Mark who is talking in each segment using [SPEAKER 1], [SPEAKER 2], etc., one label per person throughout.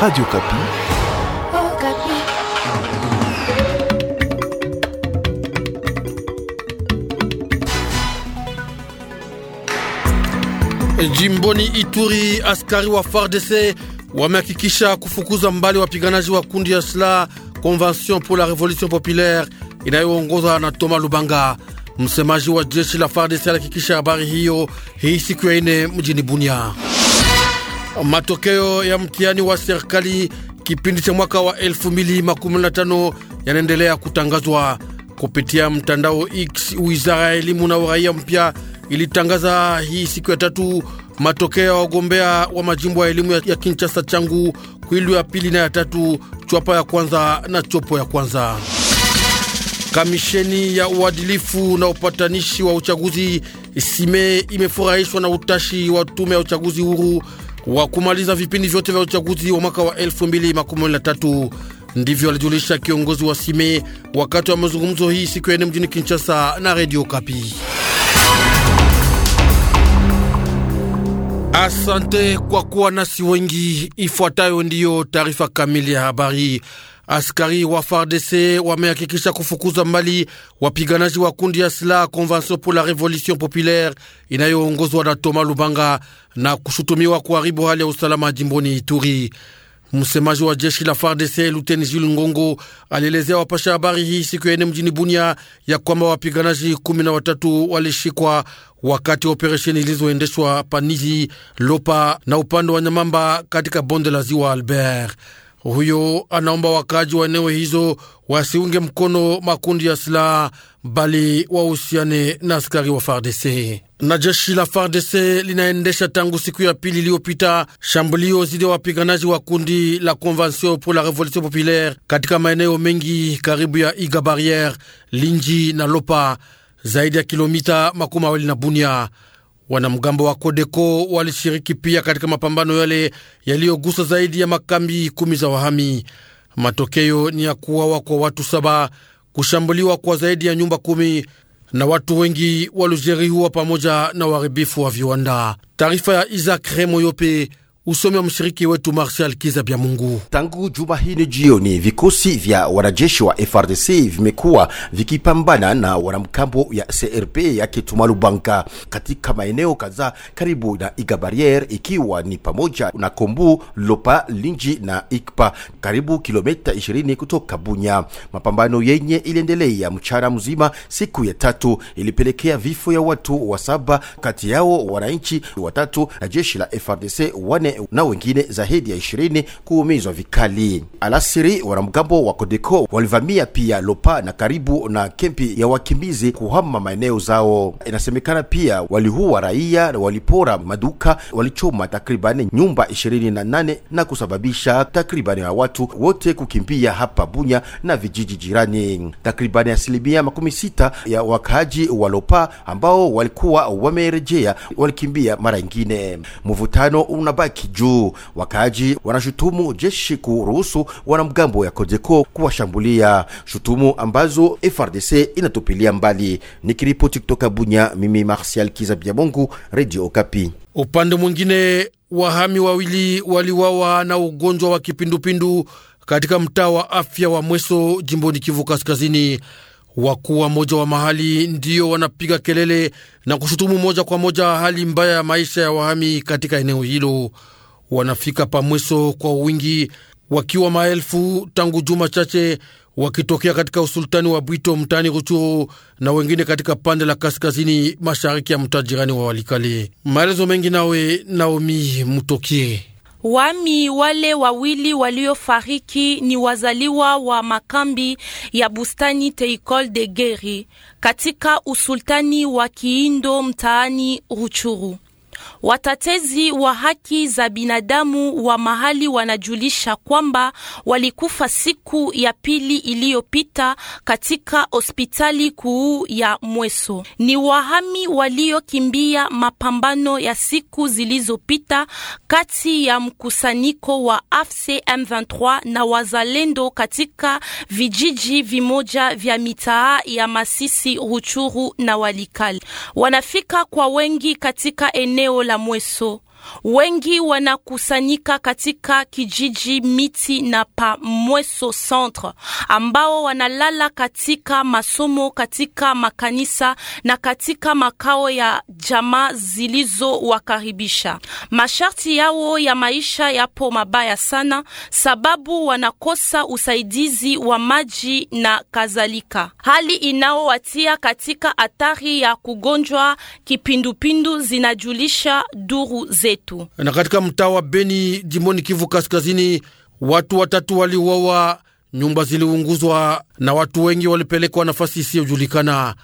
[SPEAKER 1] Radio Kapi.
[SPEAKER 2] Oh, Kapi.
[SPEAKER 3] Jimboni Ituri, askari wa FARDC wamehakikisha kufukuza mbali wapiganaji wa kundi ya silaha Convention pour la Revolution Populaire inayoongozwa na Toma Lubanga. Msemaji wa jeshi la FARDC alihakikisha habari hiyo hii siku ya ine mjini Bunia. Matokeo ya mtihani wa serikali kipindi cha mwaka wa 2015 yanaendelea kutangazwa kupitia mtandao X. Wizara ya elimu na uraia mpya ilitangaza hii siku ya tatu matokeo ya wagombea wa majimbo ya elimu ya Kinshasa, Changu, Kwilu ya pili na ya tatu, Chwapa ya kwanza na Chopo ya kwanza. Kamisheni ya uadilifu na upatanishi wa uchaguzi Sime imefurahishwa na utashi wa tume ya uchaguzi huru wa kumaliza vipindi vyote vya uchaguzi wa mwaka wa 2013. Ndivyo alijulisha kiongozi wa Sime wakati wa mazungumzo hii siku ya nne mjini Kinshasa na Radio Kapi. Asante kwa kuwa nasi wengi. Ifuatayo ndiyo taarifa kamili ya habari. Askari wa FARDC wamehakikisha kufukuza mbali wapiganaji wa kundi ya silaha Convention pour la Revolution Populaire inayoongozwa na Toma Lubanga na kushutumiwa kuharibu hali ya usalama jimboni Ituri. Msemaji wa jeshi la FARDC Luteni Jules Ngongo alielezea wapasha habari hii siku ya ene mjini Bunia ya kwamba wapiganaji kumi na watatu walishikwa wakati wa operesheni zilizoendeshwa Panizi, Lopa na upande wa Nyamamba katika bonde la ziwa Albert. Huyo anaomba wakaji wa eneo hizo wasiunge mkono makundi ya silaha, bali wahusiane na askari wa FARDC na jeshi la FARDC linaendesha tangu siku ya pili iliyopita shambulio zidi ya wapiganaji wa kundi la Convention pour la Revolution Populaire katika maeneo mengi karibu ya Iga Barriere, Linji na Lopa zaidi ya kilomita makumi mawili na Bunia. Wanamgambo wa Kodeko walishiriki pia katika mapambano yale yaliyogusa zaidi ya makambi kumi za wahami. Matokeo ni ya kuwawa kwa watu saba, kushambuliwa kwa zaidi ya nyumba kumi na watu wengi waliojeruhiwa pamoja na uharibifu wa viwanda. Taarifa ya Isaac Remoyope. Yope Usomi wa mshiriki wetu Marshal Kiza Bya Mungu.
[SPEAKER 4] Tangu juma hili jioni, vikosi vya wanajeshi wa FRDC vimekuwa vikipambana na wanamkambo ya CRP ya Kitumalu katika maeneo kadhaa karibu na Iga Barriere, ikiwa ni pamoja na Kombu, Lopa, Linji na Ikpa, karibu kilomita 20 kutoka Bunya. Mapambano yenye iliendelea mchana mzima siku ya tatu ilipelekea vifo ya watu wa saba, kati yao wananchi watatu na jeshi la FRDC wane na wengine zaidi ya ishirini kuumizwa vikali. Alasiri wanamgambo wa Kodeko walivamia pia Lopa na karibu na kempi ya wakimbizi kuhama maeneo zao. Inasemekana pia waliua raia, walipora maduka, walichoma takribani nyumba ishirini na nane na kusababisha takribani ya watu wote kukimbia hapa Bunya na vijiji jirani. Takribani asilimia makumi sita ya wakaaji wa Lopa ambao walikuwa wamerejea walikimbia mara ingine. Mvutano unabaki kijuu. Wakaaji wanashutumu jeshi kuruhusu wanamgambo ya Kodeko kuwashambulia, shutumu ambazo FRDC inatupilia mbali. Nikiripoti kutoka Bunya, mimi Martial Kizabia Mungu, Radio Okapi.
[SPEAKER 3] Upande mwingine, wahami wawili waliwawa na ugonjwa wa kipindupindu katika mtaa wa afya wa Mweso jimboni Kivu Kaskazini. Wakuu wa moja wa mahali ndiyo wanapiga kelele na kushutumu moja kwa moja hali mbaya ya maisha ya wahami katika eneo hilo wanafika pamweso kwa wingi wakiwa maelfu tangu juma chache wakitokea katika usultani wa Bwito mtaani Ruchuru na wengine katika pande la kaskazini mashariki ya mtaa jirani wa Walikale. Maelezo mengi nawe Naomi Mutokie.
[SPEAKER 5] Wami wale wawili waliofariki ni wazaliwa wa makambi ya bustani Teikol de Geri katika usultani wa Kiindo mtaani Ruchuru. Watetezi wa haki za binadamu wa mahali wanajulisha kwamba walikufa siku ya pili iliyopita katika hospitali kuu ya Mweso. Ni wahami waliokimbia mapambano ya siku zilizopita kati ya mkusanyiko wa AFC M23 na wazalendo katika vijiji vimoja vya mitaa ya Masisi, Ruchuru na Walikali. Wanafika kwa wengi katika eneo o la mueso Wengi wanakusanyika katika kijiji miti na pamweso centre, ambao wanalala katika masomo, katika makanisa na katika makao ya jamaa zilizowakaribisha. Masharti yao ya maisha yapo mabaya sana, sababu wanakosa usaidizi wa maji na kadhalika, hali inaowatia katika hatari ya kugonjwa kipindupindu, zinajulisha duru zetu yetu.
[SPEAKER 3] Na katika mtaa wa Beni jimboni Kivu Kaskazini, watu watatu waliuawa, nyumba ziliunguzwa na watu wengi walipelekwa nafasi isiyojulikana.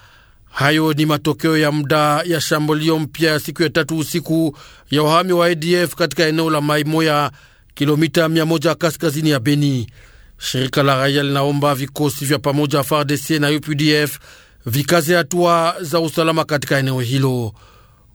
[SPEAKER 3] Hayo ni matokeo ya muda ya shambulio mpya ya siku ya tatu usiku ya wahami wa ADF katika eneo la Maimoya, kilomita 100 kaskazini ya Beni. Shirika la raia linaomba vikosi vya pamoja FARDC na UPDF vikaze hatua za usalama katika eneo hilo.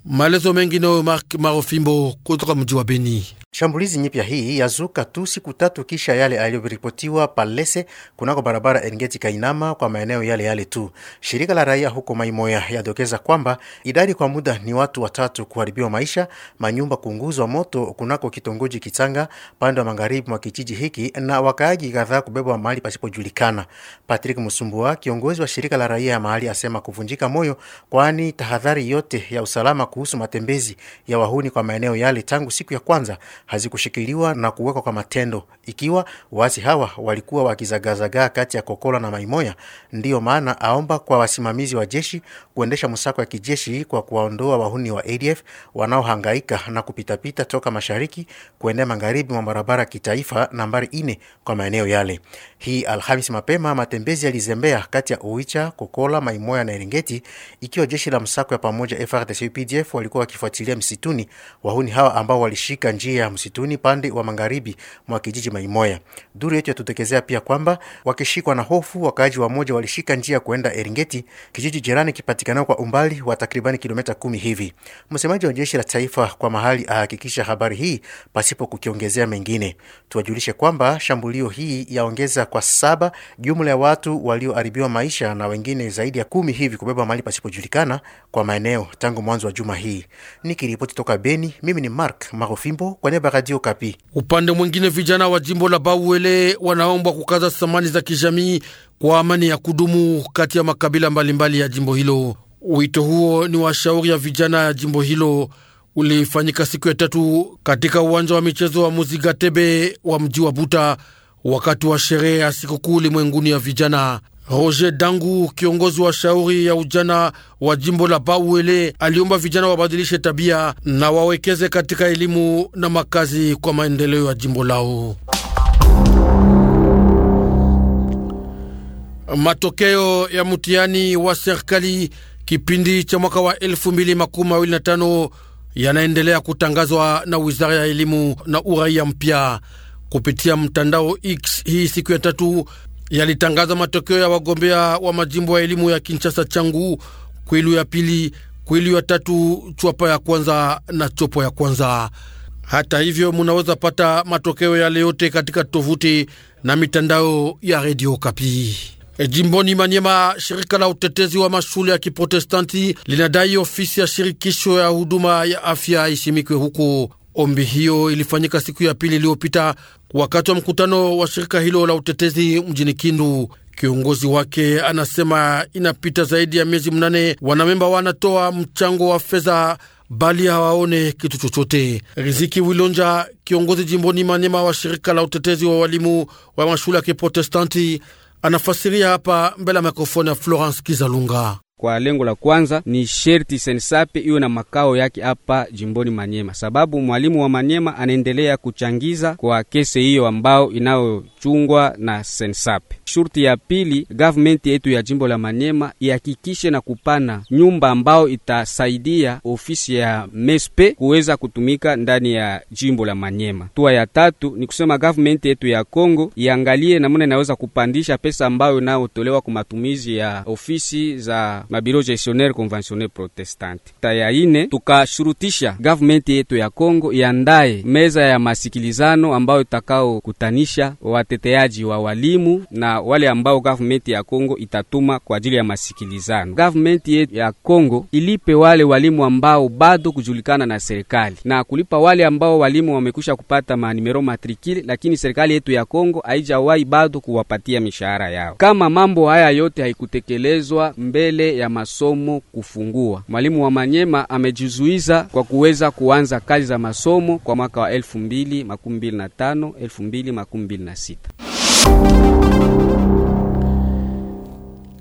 [SPEAKER 6] Maelezo mengi nayo Mark Marofimbo kutoka mji wa Beni. Shambulizi nyipya hii yazuka tu siku tatu kisha yale aliyoripotiwa Palese kunako barabara Engeti Kainama kwa maeneo yale yale tu. Shirika la raia huko Maimoya yadokeza kwamba idadi kwa muda ni watu watatu kuharibiwa maisha, manyumba kuunguzwa moto kunako kitongoji Kitanga pande wa magharibi mwa kijiji hiki na wakaaji kadhaa kubebwa mahali pasipojulikana. Patrick Musumbua, kiongozi wa shirika la raia ya mahali, asema kuvunjika moyo, kwani tahadhari yote ya usalama kuhusu matembezi ya wahuni kwa maeneo yale tangu siku ya kwanza hazikushikiliwa na kuwekwa kwa matendo, ikiwa waasi hawa walikuwa wakizagazagaa kati ya Kokola na Maimoya. Ndiyo maana aomba kwa wasimamizi wa jeshi kuendesha msako ya kijeshi kwa kuwaondoa wahuni wa ADF wanaohangaika na kupitapita toka mashariki kuendea magharibi mwa barabara ya kitaifa nambari ine kwa maeneo yale. Hii Alhamis mapema matembezi yalizembea kati ya Uicha, Kokola, Maimoya na Eringeti, ikiwa jeshi la msako ya pamoja FRDC UPDF walikuwa wakifuatilia msituni wahuni hawa ambao walishika njia ya msituni pande wa magharibi mwa kijiji Maimoya. Duru yetu yatutekezea pia kwamba wakishikwa na hofu, wakaaji wamoja walishika njia kuenda Eringeti, kijiji jirani kipatikana wanapatikana kwa umbali wa takribani kilomita kumi hivi. Msemaji wa jeshi la taifa kwa mahali ahakikisha habari hii pasipo kukiongezea mengine. Tuwajulishe kwamba shambulio hii yaongeza kwa saba jumla ya watu walioharibiwa maisha na wengine zaidi ya kumi hivi kubeba mali pasipojulikana kwa maeneo tangu mwanzo wa juma hii. Nikiripoti toka Beni, mimi ni Mark Marofimbo kwa niaba ya Radio Kapi. Upande
[SPEAKER 3] mwingine, vijana wa jimbo la Bauele wanaombwa kukaza thamani za kijamii kwa amani ya kudumu kati ya makabila mbalimbali mbali ya jimbo hilo. Wito huo ni washauri ya vijana ya jimbo hilo ulifanyika siku ya tatu katika uwanja wa michezo wa Muzigatebe wa mji wa Buta wakati wa sherehe ya sikukuu ulimwenguni ya vijana. Roger Dangu, kiongozi wa shauri ya ujana wa jimbo la Bauele, aliomba vijana wabadilishe tabia na wawekeze katika elimu na makazi kwa maendeleo ya jimbo lao. matokeo ya mtihani wa serikali kipindi cha mwaka wa 2025 yanaendelea kutangazwa na wizara ya elimu na uraia mpya kupitia mtandao X. Hii siku ya tatu yalitangaza matokeo ya wagombea wa majimbo ya elimu ya Kinshasa, Changu, Kwilu ya pili, Kwilu ya tatu, Chwapa ya kwanza na Chopo ya kwanza. Hata hivyo, munaweza pata matokeo yale yote katika tovuti na mitandao ya redio Kapi. E, jimboni Manyema, shirika la utetezi wa mashule ya Kiprotestanti linadai ofisi ya shirikisho ya huduma ya afya ishimikwe huku Ombi hiyo ilifanyika siku ya pili iliyopita wakati wa mkutano wa shirika hilo la utetezi mjini Kindu. Kiongozi wake anasema inapita zaidi ya miezi mnane wanamemba wanatoa mchango wa fedha bali hawaone kitu chochote. Riziki Wilonja, kiongozi jimboni Manyema wa shirika la utetezi wa walimu wa mashule ya Kiprotestanti, anafasiria hapa mbele ya mikrofoni ya Florence Kizalunga.
[SPEAKER 7] Kwa lengo la kwanza ni sherti Sensape iwe na makao yake hapa jimboni Manyema, sababu mwalimu wa Manyema anaendelea kuchangiza kwa kesi hiyo ambao inayochungwa na Sensape. Shurti ya pili, government yetu ya jimbo la Manyema ihakikishe na kupana nyumba ambao itasaidia ofisi ya mespe kuweza kutumika ndani ya jimbo la Manyema. Tua ya tatu ni kusema government yetu ya Kongo iangalie namna inaweza kupandisha pesa ambayo inayotolewa kwa matumizi ya ofisi za mabiro gestionnaire conventionnel protestante. Taya ine tukashurutisha government yetu ya Kongo iandaye meza ya masikilizano ambayo itakaokutanisha wateteaji wa walimu na wale ambao government ya Kongo itatuma kwa ajili ya masikilizano. Government yetu ya Kongo ilipe wale walimu ambao bado kujulikana na serikali na kulipa wale ambao walimu wamekusha kupata manimero matrikile, lakini serikali yetu ya Kongo haijawahi bado kuwapatia mishahara yao. Kama mambo haya yote haikutekelezwa mbele ya masomo kufungua. Mwalimu wa Manyema amejizuiza kwa kuweza kuanza kazi za masomo kwa mwaka wa 2025 2026.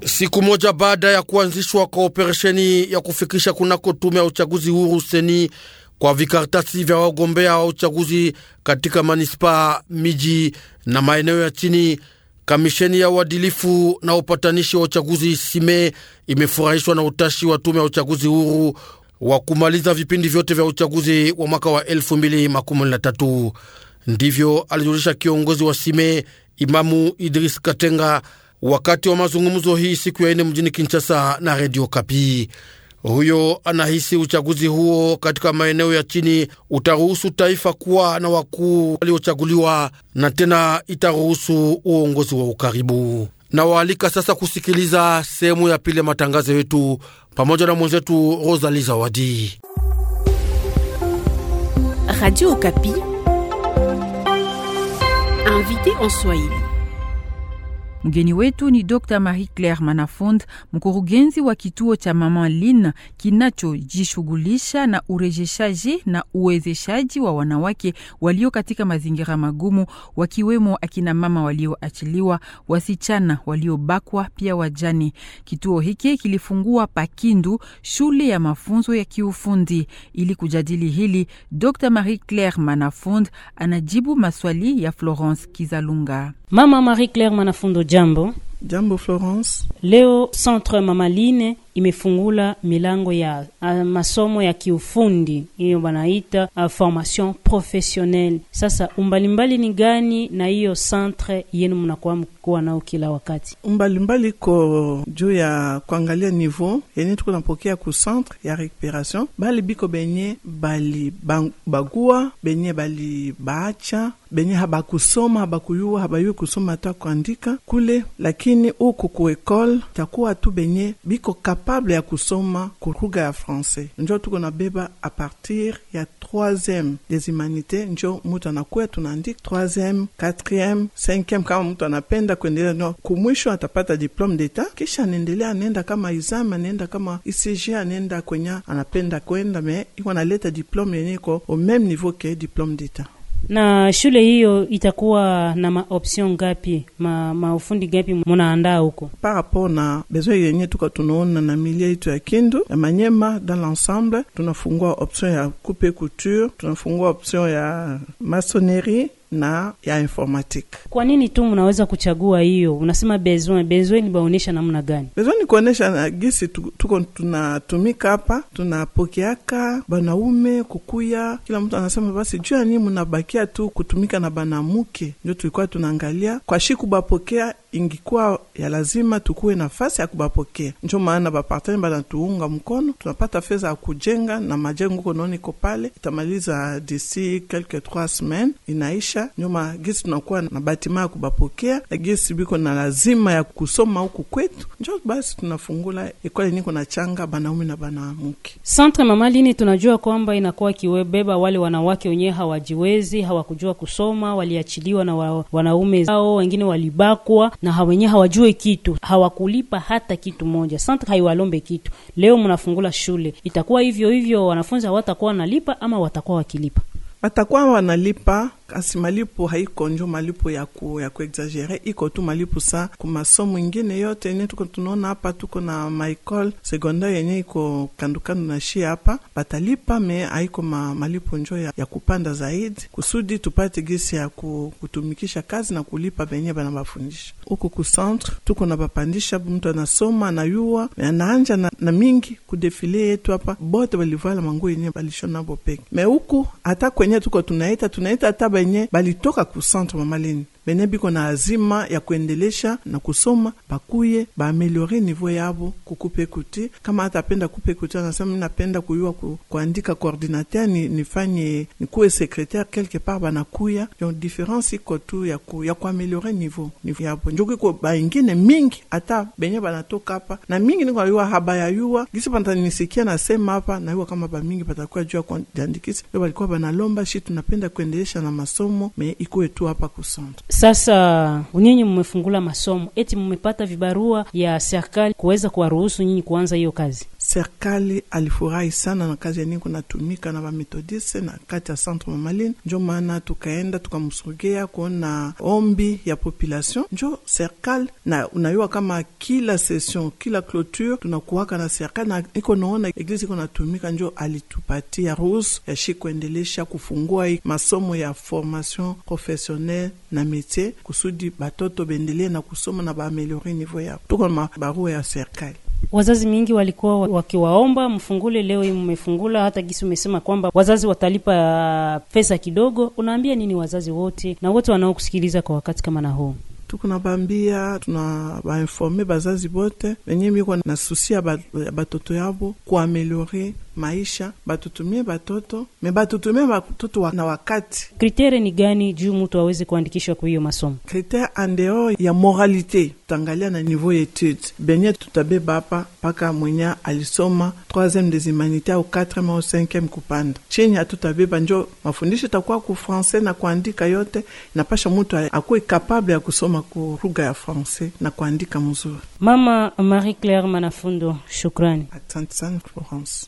[SPEAKER 3] Siku moja baada ya kuanzishwa kwa operesheni ya kufikisha kunako tume ya uchaguzi huru seni kwa vikaratasi vya wagombea wa uchaguzi katika manispaa, miji na maeneo ya chini Kamisheni ya uadilifu na upatanishi wa uchaguzi Sime imefurahishwa na utashi wa tume ya uchaguzi huru wa kumaliza vipindi vyote vya uchaguzi wa mwaka wa 2013. Ndivyo alijulisha kiongozi wa Sime Imamu Idris Katenga wakati wa mazungumzo hii siku ya ine mjini Kinshasa na Redio Kapi. Huyo anahisi uchaguzi huo katika maeneo ya chini utaruhusu taifa kuwa na wakuu waliochaguliwa na tena itaruhusu uongozi wa ukaribu. Nawaalika sasa kusikiliza sehemu ya pili ya matangazo yetu pamoja na mwenzetu Rosali Zawadi,
[SPEAKER 8] Radio Okapi, invité en Swahili. Mgeni wetu ni Dr Marie Claire Manafond, mkurugenzi wa kituo cha Mama Lin kinachojishughulisha na urejeshaji na uwezeshaji wa wanawake walio katika mazingira magumu, wakiwemo akina mama walioachiliwa, wasichana waliobakwa, pia wajane. Kituo hiki kilifungua Pakindu shule ya mafunzo ya kiufundi. Ili kujadili hili, Dr Marie Claire Manafond anajibu
[SPEAKER 2] maswali ya Florence Kizalunga. Mama Marie Claire Manafundo Jambo Jambo Florence. Leo Centre Mamaline imefungula milango ya masomo ya kiufundi hiyo wanaita uh, formation professionnelle. Sasa umbalimbali ni gani na hiyo centre yenu mnakuwa mkuwa nao kila wakati?
[SPEAKER 9] Umbalimbali ko juu ya kuangalia niveau yenye tuko napokea ku centre ya recuperation, bali biko benye bali bagua benye bali baacha benye habakusoma habakuyua habayue kusoma hata kuandika kule, lakini lakini huku kuekole takuwa tu benye biko kapable ya kusoma kulugha ya francais njo tuko beba a partir ya 3e des humanités njo mutu anakuya tunaandika 3e 4e 5e kama mutu anapenda kuendelea no kumwisho atapata diplome d'etat kisha anaendelea anaenda kama exame anaenda kama ICG e anaenda kwenya anapenda kwenda me iko analeta diplome yenye au meme niveau ke diplome d'etat
[SPEAKER 2] Na shule hiyo itakuwa na maopsion gapi, ma, maufundi gapi
[SPEAKER 9] munaandaa huko par rapport na besoin yenye tuka tunaona na milie yetu ya Kindu ya Manyema dans l'ensemble? Tunafungua option ya coupe couture, tunafungua option ya masonnerie na ya informatique.
[SPEAKER 2] Kwa nini tu mnaweza kuchagua hiyo? Unasema besoin, besoin ni baonesha namna gani?
[SPEAKER 9] Besoin ni kuonesha gisi tuko tunatumika hapa, tunapokeaka banaume kukuya, kila mtu anasema basi juu ya nini mnabakia tu kutumika na banamuke, ndio tulikuwa tunaangalia kwa shiku bapokea ingikuwa ya lazima tukuwe nafasi ya kubapokea. Njo maana bapartene banatuunga mkono, tunapata fedha ya kujenga na majengo uko iko pale itamaliza disi quelque trois semaines inaisha nyuma. Gisi tunakuwa na batima ya kubapokea na gisi biko na lazima ya kusoma huku kwetu, njo basi tunafungula ikwali niko na changa banaume na banamuke
[SPEAKER 2] Centre Mama Lini. Tunajua kwamba inakuwa ikiwebeba wale wanawake wenyewe hawajiwezi, hawakujua kusoma, waliachiliwa na wa, wanaume zao, wengine walibakwa na hawenye hawajue kitu, hawakulipa hata kitu moja. sante haiwalombe kitu. Leo mnafungula shule, itakuwa hivyo hivyo,
[SPEAKER 9] wanafunzi hawatakuwa wanalipa ama watakuwa wakilipa? Watakuwa wanalipa Kasi malipo haiko njo malipo ya, ku, ya kuexagere, iko tu malipo sa ku masomo ingine yote yenye tuko tunaona hapa. Tuko na maekole sekondaire yenye iko kandukandu na shi hapa, batalipa me haiko ma, malipo njo ya, ya kupanda zaidi, kusudi tupate gisi ya ku, kutumikisha kazi na kulipa benye bana bafundisha huko ku centre. Tuko na bapandisha mtu anasoma anayua anaanja na, na mingi kudefile yetu hapa, bote balivala manguo yenye balishona bopeke me huku hata kwenye tuko tunaita tunaita hata banye balitoka ku centre mama leni bene biko na azima ya kuendelesha na kusoma bakuye baameliore nivo yabo kukupekuti kama hata atapenda kupekuti anasema minapenda kuyua ku, kuandika koordinateur ni, nifanye nikuwe secretaire quelque part banakuya donc différence iko tu ya, ku, ya kuameliore nivo nivo yabo njoku iko baingine mingi hata benye banatoka hapa na mingi haba ya yua gisi bantanisikia nasema hapa nayua kama bamingi batakuwa juu ya kuandikisi yo balikuwa banalomba shi tunapenda kuendelesha na masomo me ikuwe tu hapa kusonda
[SPEAKER 2] sasa nyinyi mmefungula masomo, eti mmepata vibarua ya serikali
[SPEAKER 9] kuweza kuwaruhusu nyinyi kuanza hiyo kazi? serikali alifurahi sana na kazi yenye kunatumika na Vamethodiste na kati ya centre Mamaline. Njo maana tukaenda tukamsogea kuona ombi ya population, njo serikali na unayua kama kila session kila clôture tunakuwaka na serikali na iko naona eglise iko natumika, njo alitupatia ruhusu yashi kuendelesha kufungua masomo ya formation professionnelle na métier kusudi batoto bendelee na kusoma na baameliorer niveau yao, tuko na barua ya serikali
[SPEAKER 2] Wazazi mingi walikuwa wakiwaomba mfungule, leo hii mmefungula. Hata gisi umesema kwamba wazazi watalipa pesa kidogo, unaambia nini wazazi wote na wote wanaokusikiliza kwa wakati kama na huu?
[SPEAKER 9] Tukunabambia, bainforme bazazi bote benye miko nasusia ya batoto yabo kuameliore maisha batutumie batoto me batutumie batoto na wakati. Kritere ni gani juu mtu aweze kuandikishwa kwa masomo? Kritere andeo ya moralite, tutaangalia na niveau ya etude benye tutabeba hapa mpaka mwenye alisoma 3e des humanités au 4e au 5e kupanda chini, hatutabeba njo mafundisho takuwa ku français na kuandika yote, inapasha mutu akuwe kapable ya kusoma ku lugha ya francais na kuandika mzuri.
[SPEAKER 2] Mama Marie Claire Manafundo, shukrani, asante sana Florence.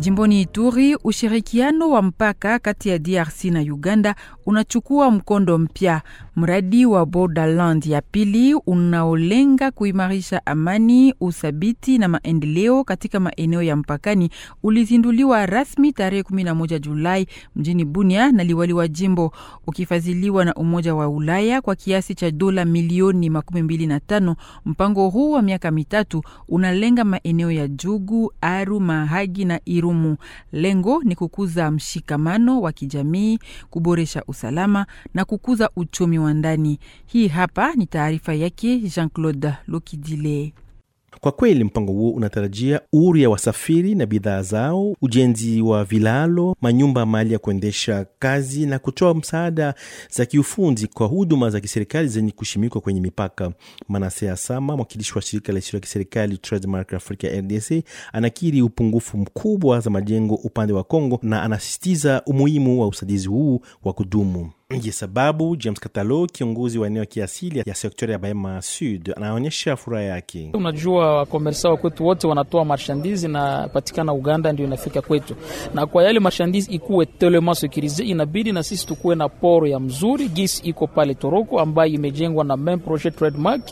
[SPEAKER 8] Jimboni Ituri, ushirikiano wa mpaka kati ya DRC na Uganda unachukua mkondo mpya. Mradi wa Borderland ya pili unaolenga kuimarisha amani, uthabiti na maendeleo katika maeneo ya mpakani ulizinduliwa rasmi tarehe 11 Julai mjini Bunia na liwali wa jimbo, ukifadhiliwa na Umoja wa Ulaya kwa kiasi cha dola milioni 25. Mpango huu wa miaka mitatu unalenga maeneo ya Jugu, Aru, Mahagi na Iru Irumu. Lengo ni kukuza mshikamano wa kijamii, kuboresha usalama na kukuza uchumi wa ndani. Hii hapa ni taarifa yake Jean-Claude Lokidile.
[SPEAKER 1] Kwa kweli mpango huo unatarajia uhuru ya wasafiri na bidhaa zao, ujenzi wa vilalo, manyumba mali ya kuendesha kazi na kutoa msaada za kiufundi kwa huduma za kiserikali zenye kushimikwa kwenye mipaka. Manase Asama, mwakilishi wa shirika la ishiro ya kiserikali Trademark Africa RDC, anakiri upungufu mkubwa za majengo upande wa congo na anasisitiza umuhimu wa usaidizi huu wa kudumu. Ndiye sababu James Katalo, kiongozi wa eneo kiasili ya sektori ya Bahema Sud, anaonyesha furaha yake.
[SPEAKER 7] Unajua, wakomersa wa kwetu wote wanatoa marshandise patikana Uganda, ndio inafika kwetu, na kwa yale marshandise ikuwe telema sekurize, inabidi na sisi tukuwe na poro ya mzuri gisi iko pale Toroko, ambayo imejengwa na main projet trademark,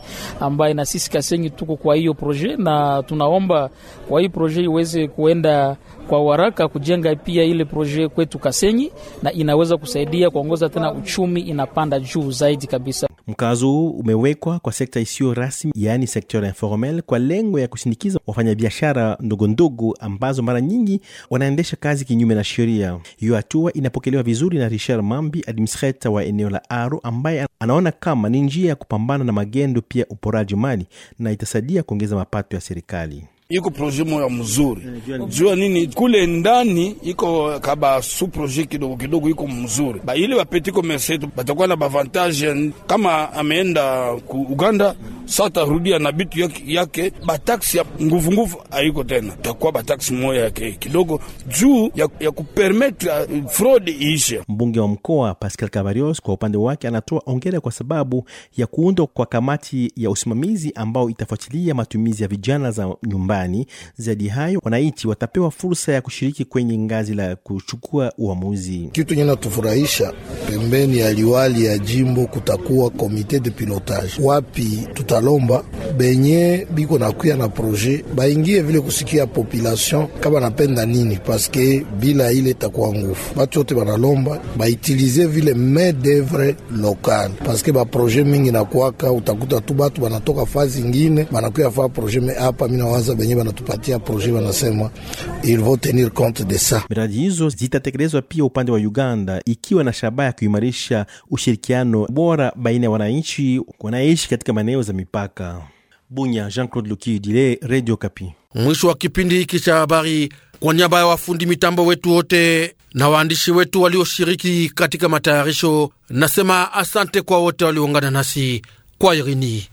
[SPEAKER 7] ambayo na sisi Kasenyi tuko kwa hiyo proje na tunaomba kwa hii proje iweze kuenda kwa waraka kujenga pia ile proje kwetu Kasenyi, na inaweza kusaidia kuongoza tena uchumi inapanda juu zaidi kabisa.
[SPEAKER 1] Mkazo huu umewekwa kwa sekta isiyo rasmi, yaani sekta informel, kwa lengo ya kusindikiza wafanyabiashara ndogondogo ambazo mara nyingi wanaendesha kazi kinyume na sheria. Hiyo hatua inapokelewa vizuri na Richard Mambi, administrator wa eneo la Aru, ambaye anaona kama ni njia ya kupambana na magendo, pia uporaji mali, na itasaidia kuongeza mapato ya serikali
[SPEAKER 3] iko projet moya mzuri jua nini kule ndani iko kaba su projet kidogo kidogo iko mzuri ba ile ba petit commerce batakuwa na bavantage kama ameenda ku Uganda sata rudia na bitu yake, yake ba taxi ya nguvu nguvu haiko tena, takuwa ba taxi moya yake kidogo juu ya, ya kupermetre uh, fraud iishe.
[SPEAKER 1] Mbunge wa mkoa Pascal Cavarios kwa upande wake anatoa ongera kwa sababu ya kuundwa kwa kamati ya usimamizi ambao itafuatilia matumizi ya vijana za nyumbani ndani. Zaidi hayo, wananchi watapewa fursa ya kushiriki kwenye ngazi la kuchukua uamuzi. Kitu inatufurahisha pembeni ya liwali ya jimbo kutakuwa komite de pilotage, wapi tutalomba benye
[SPEAKER 3] biko nakuya na proje baingie vile kusikia population kama napenda nini, paske bila ile takuwa ngufu Batu yote banalomba baitilize vile medevre d'oeuvre lokal, paske baproje mingi nakuwaka utakuta tu batu banatoka fazi ingine banakuya faa
[SPEAKER 1] proje me hapa minawaza venye wanatupatia proje wanasema il tenir compte de ça. Miradi hizo zitatekelezwa pia upande wa Uganda, ikiwa na shabaha ya kuimarisha ushirikiano bora baina ya wananchi wanaishi katika maeneo za mipaka. Bunya, Jean-Claude Lukidile, Radio Kapi.
[SPEAKER 3] Mwisho wa kipindi hiki cha habari kwa niaba ya wafundi mitambo wetu wote na waandishi wetu walioshiriki katika matayarisho, nasema asante kwa wote walioungana nasi kwa irini.